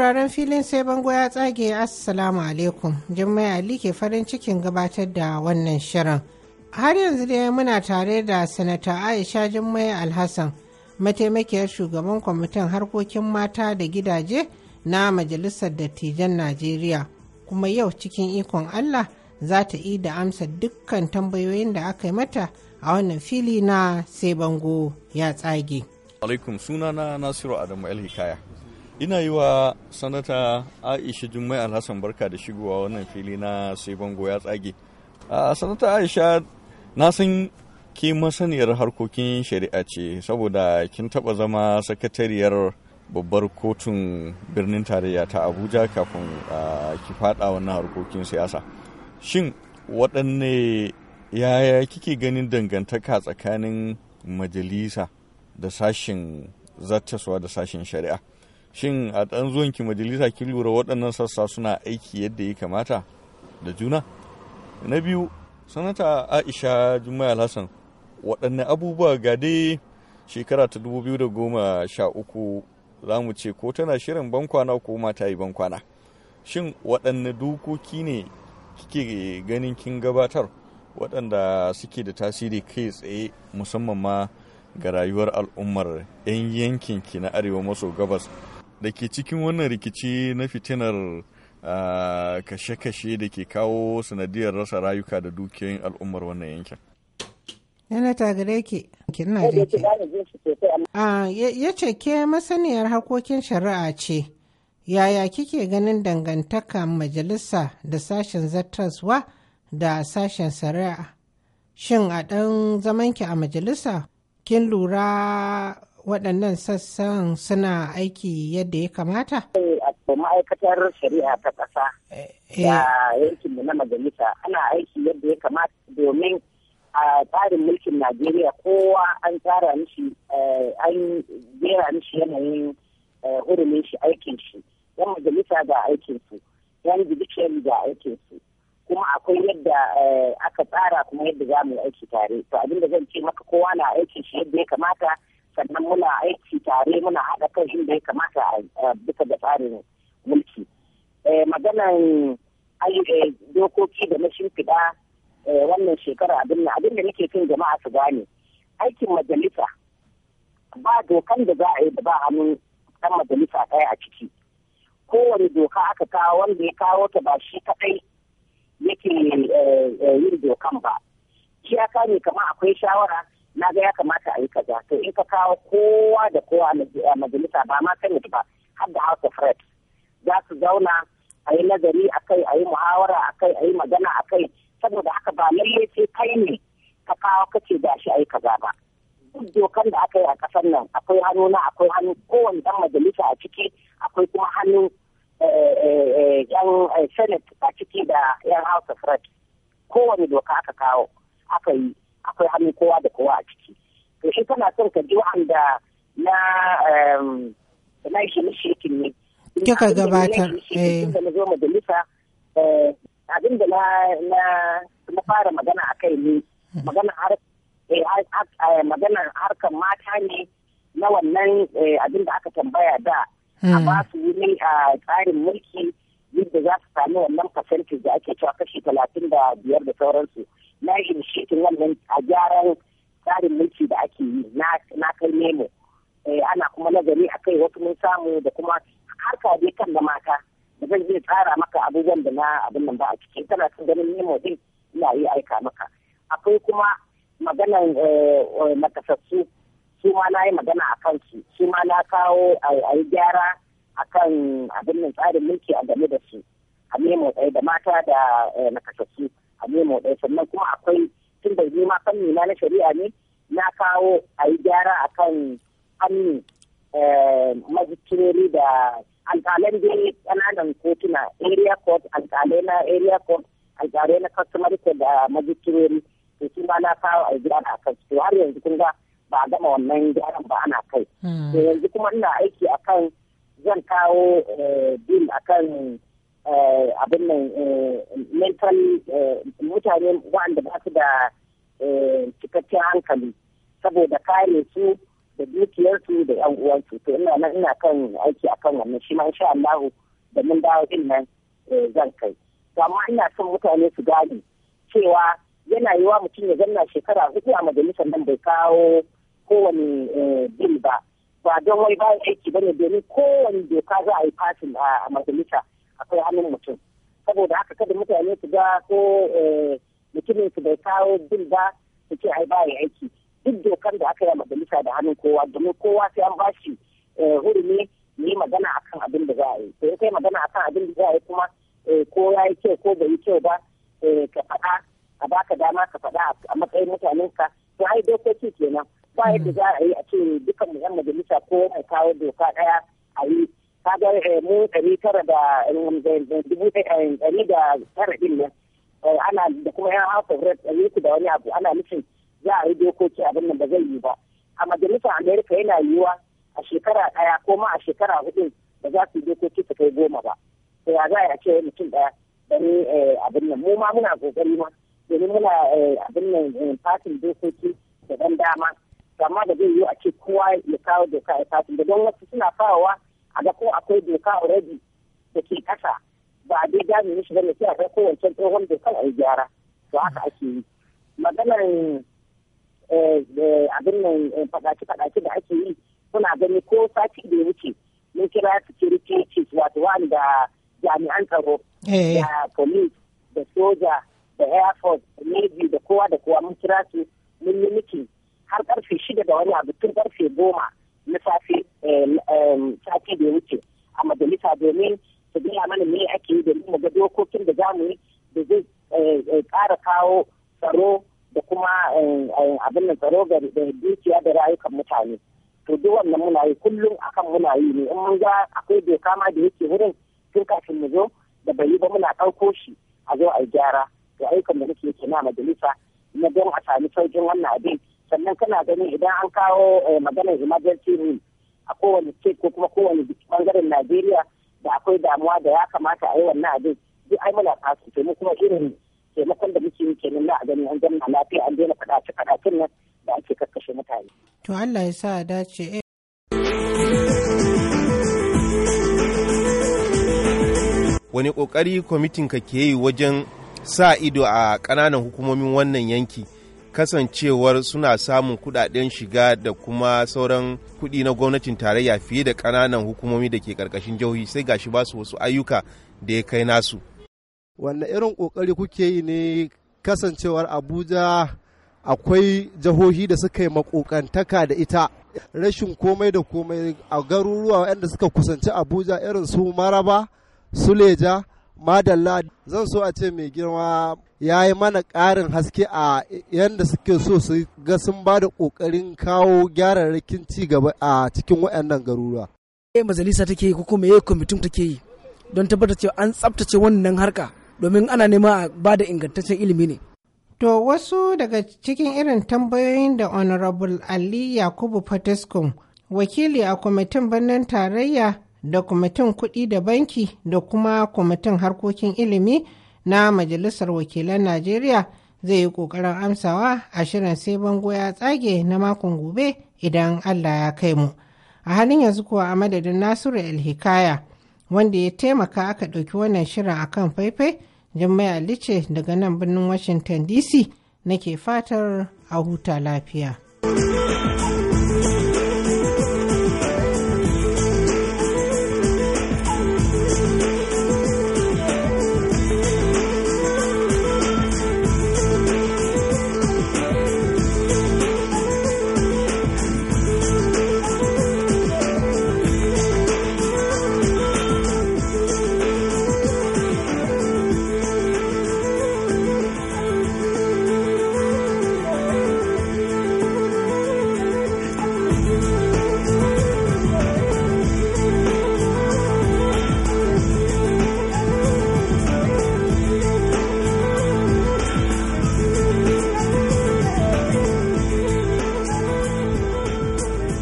sauraron filin sai bango ya tsage assalamu alaikum jummai ali ke farin cikin gabatar da wannan shirin har yanzu dai muna tare da sanata aisha jummai alhassan mataimakiyar shugaban kwamitin harkokin mata da gidaje na majalisar dattijan najeriya kuma yau cikin ikon allah za ta yi da amsa dukkan tambayoyin da aka yi mata a wannan fili na sai bango ya tsage alaikum sunana nasiru adamu el hikaya ina yi wa sanata aisha jummai alhassan barka da shigowa wannan fili na sai bango ya tsage a sanata aisha na san ke masaniyar harkokin shari'a ce saboda kin taba zama sakatariyar babbar kotun birnin tarayya ta abuja kafin ki fada wannan harkokin siyasa shin waɗanne yaya kike ganin dangantaka tsakanin majalisa da sashen zattaswa da sashen shari'a shin a ɗan zuwanki majalisa kin lura waɗannan sassa suna aiki yadda ya kamata da juna na biyu sanata aisha juma'a hassan waɗanne abubuwa ga dai shekara ta da goma 2013 za mu ce ko tana shirin bankwana ko mata yi bankwana shin waɗanne dokoki ne kike ganin kin gabatar waɗanda suke da tasiri kai tsaye musamman ma ga rayuwar al'ummar 'yan ki na arewa maso gabas da ke cikin wannan rikici na fitinar kashe-kashe da ke kawo sanadiyar rasa rayuka da dukiyoyin al'ummar wannan yankin. Yana gare ki, kina da ke. Ya ce ke masaniyar hakokin shari'a ce, yaya kike ganin dangantaka majalisa da sashen zattaswa da sashen shari'a? Shin a ɗan zamanki a majalisa, kin lura waɗannan sassan suna aiki yadda ya kamata? Eh, a ma'aikatar shari'a ta ƙasa eh, da eh. yankinmu na majalisa ana aiki yadda ya kamata domin a tsarin mulkin najeriya kowa an tsara mishi an gera mishi yanayin hurumin shi aikin shi yan majalisa ga aikin su yan judiciary ga aikin su kuma akwai yadda aka tsara kuma yadda za mu aiki tare to abinda zan ce maka kowa na aikin shi yadda ya kamata sannan muna aiki tare muna haɗa shi inda ya kamata a bisa da tsarin mulki eh, maganan eh, dokoki da na shimfiɗa eh, wannan shekara abin da abin da nake fin jama'a su gane aikin majalisa ba dokan da za a yi da ba hannun ɗan majalisa ɗaya a ciki kowane doka aka kawo wanda ya kawo ta ba shi kaɗai yake yin dokan ba iyaka ne kamar akwai shawara na ga ya kamata a yi kaza to in ka kawo kowa da kowa a majalisa ba ma kan ba har da house of reps za su zauna a yi nazari a kai a yi muhawara a kai a yi magana a kai saboda haka ba lalle ce kai ne ka kawo kace da shi a yi kaza ba duk dokan da aka yi a kasar nan akwai hannu na akwai hannu kowane dan majalisa a ciki akwai kuma hannu yan eh, eh, eh, senate a ciki da yan house of reps kowane doka aka kawo aka yi akwai hannun kowa da kowa a ciki to shi kana son ka ji wanda eh. eh, na na shi mishi ne kika gabatar da zo majalisa abin da na fara magana a kai ne magana eh, harkar mata ne na wannan abin da aka tambaya da a hmm. ba su wuri a tsarin mulki yadda za su sami wannan fasentin da ake cewa kashi talatin da biyar da sauransu na initiating wannan a gyaran tsarin mulki da ake yi na kai memo eh, ana kuma nazari a kai wasu mun samu da kuma harka dai kan da mata da zan iya tsara maka abubuwan da na abin nan ba a cikin tana son ganin memo din ina yi aika maka akwai kuma maganan eh, nakasassu su ma na yi magana a kansu su ma na kawo a yi gyara a kan abin nan tsarin mulki a game da su a tsaye eh, da mata da nakasassu a nemo ɗaya sannan kuma akwai tun da ma fanni na na shari'a ne na kawo a yi gyara a kan fanni eh, da alƙalan da ƙananan kotuna area court alƙalai na area court alƙalai na customer court da majistirori to su ma na kawo a yi gyara a kan su har yanzu kun ga ba a gama wannan gyaran ba ana kai hmm. to yanzu kuma ina aiki akan zan kawo eh, bil akan abin nan eh, mental eh, mutane wanda ba su da eh, cikakken hankali saboda kare su da dukiyarsu da yan uwansu to ina nan ina kan aiki akan wannan shi ma insha Allah da mun dawo din nan zan kai to amma ina son mutane su gane cewa yana yiwa mutum ya zanna shekara hudu a majalisar nan bai kawo kowane bil ba ba don wai bayan aiki bane domin kowane doka za a yi fasin a majalisa akwai hannun mutum saboda haka kada mutane su ga ko eh, mutumin su bai kawo bil ba su ce ai baya aiki duk dokar da aka yi majalisa da hannun kowa domin kowa sai an bashi eh, hurumi yi magana akan abin da za a yi to kai magana akan abin da za a yi kuma eh, ko ya yi kyau ko bai yi kyau ba ka faɗa a baka dama ka faɗa a matsayin mutanen ka to ai dokoki kenan ba yadda za a yi a ce dukan mu yan majalisa ko mai kawo doka ɗaya a yi kaga eh, mu ɗari tara da eh, eh, dubu ɗari da tara ɗin nan ana da kuma yan house of reps ɗari da wani abu ana nufin za a yi dokoki abin nan ba zai yi ba a majalisar amerika yana yiwuwa a shekara ɗaya ko ma a shekara hudu ba za su yi dokoki su kai goma ba to ya za a ce mutum ɗaya wani abin nan mu ma muna kokari ma domin muna abin nan fatin dokoki da ɗan dama amma da zai yiwu a ce kowa ya kawo doka ya fatin da don wasu suna kawowa Aga ko akwai doka already da ke kasa ba a dai gane mishi ne sai a ga ko wancan tsohon dokar a yi gyara to haka mm. ake yi maganar eh, eh, abin nan eh, faɗace-faɗace da ake yi kuna gani ko sati da ya wuce mun kira security chief wato wanda jami'an tsaro da police da soja da air force da navy da kowa da kowa mun kira su mun yi miki har karfe shida da wani abu tun karfe goma tawagar da dukiya da rayukan mutane to duk wannan muna yi kullum akan muna yi ne in mun ga akwai doka ma da yake wurin tun kafin mu zo da bai yi ba muna ɗauko shi a zo a gyara to ayyukan da muke yake na majalisa na don a sami saukin wannan abin sannan kana ganin idan an kawo eh, maganar emergency room a kowane state ko kuma kowane bangaren najeriya da akwai damuwa da ya kamata a yi wannan abin duk ai muna kasu mu kuma irin taimakon da muke yi kenan na a ganin an gama lafiya an daina faɗace faɗacen nan da ake karkashe mutane. To Allah ya sa dace. Eh, Wani ƙoƙari kwamitin ka ke yi wajen sa ido a ƙananan hukumomin wannan yanki kasancewar suna samun kudaden shiga da kuma sauran kuɗi na gwamnatin tarayya fiye da ƙananan hukumomi da ke ƙarƙashin jauhi sai gashi ba su wasu ayyuka da ya kai nasu. Wanne irin ƙoƙari kuke yi ne kasancewar Abuja akwai jihohi da suka yi makokantaka da ita rashin komai da komai a garuruwa waɗanda suka kusanci abuja irin su maraba suleja madalla zan so a ce mai girma ya yi mana ƙarin haske a yadda suke so su ga sun ba da ƙoƙarin kawo gyararrakin ci gaba a cikin waɗannan garuruwa. Me majalisa take yi ko kuma me kwamitin take yi don tabbatar cewa an tsabtace wannan harka domin ana nema a ba da ingantaccen ilimi ne. To wasu daga cikin irin tambayoyin da Honorable Ali Yakubu Fataskum, wakili a kwamitin birnin tarayya da kwamitin kuɗi da banki da kuma kwamitin harkokin ilimi na Majalisar Wakilan Najeriya zai yi ƙoƙarin amsawa a shirin sai bango ya tsage na makon gobe idan Allah ya kai mu. A halin yanzu kuwa a madadin Nasiru El Hikaya wanda ya taimaka aka ɗauki wannan shirin akan faifai. Jummai Alice daga nan birnin Washington DC nake fatar a huta lafiya.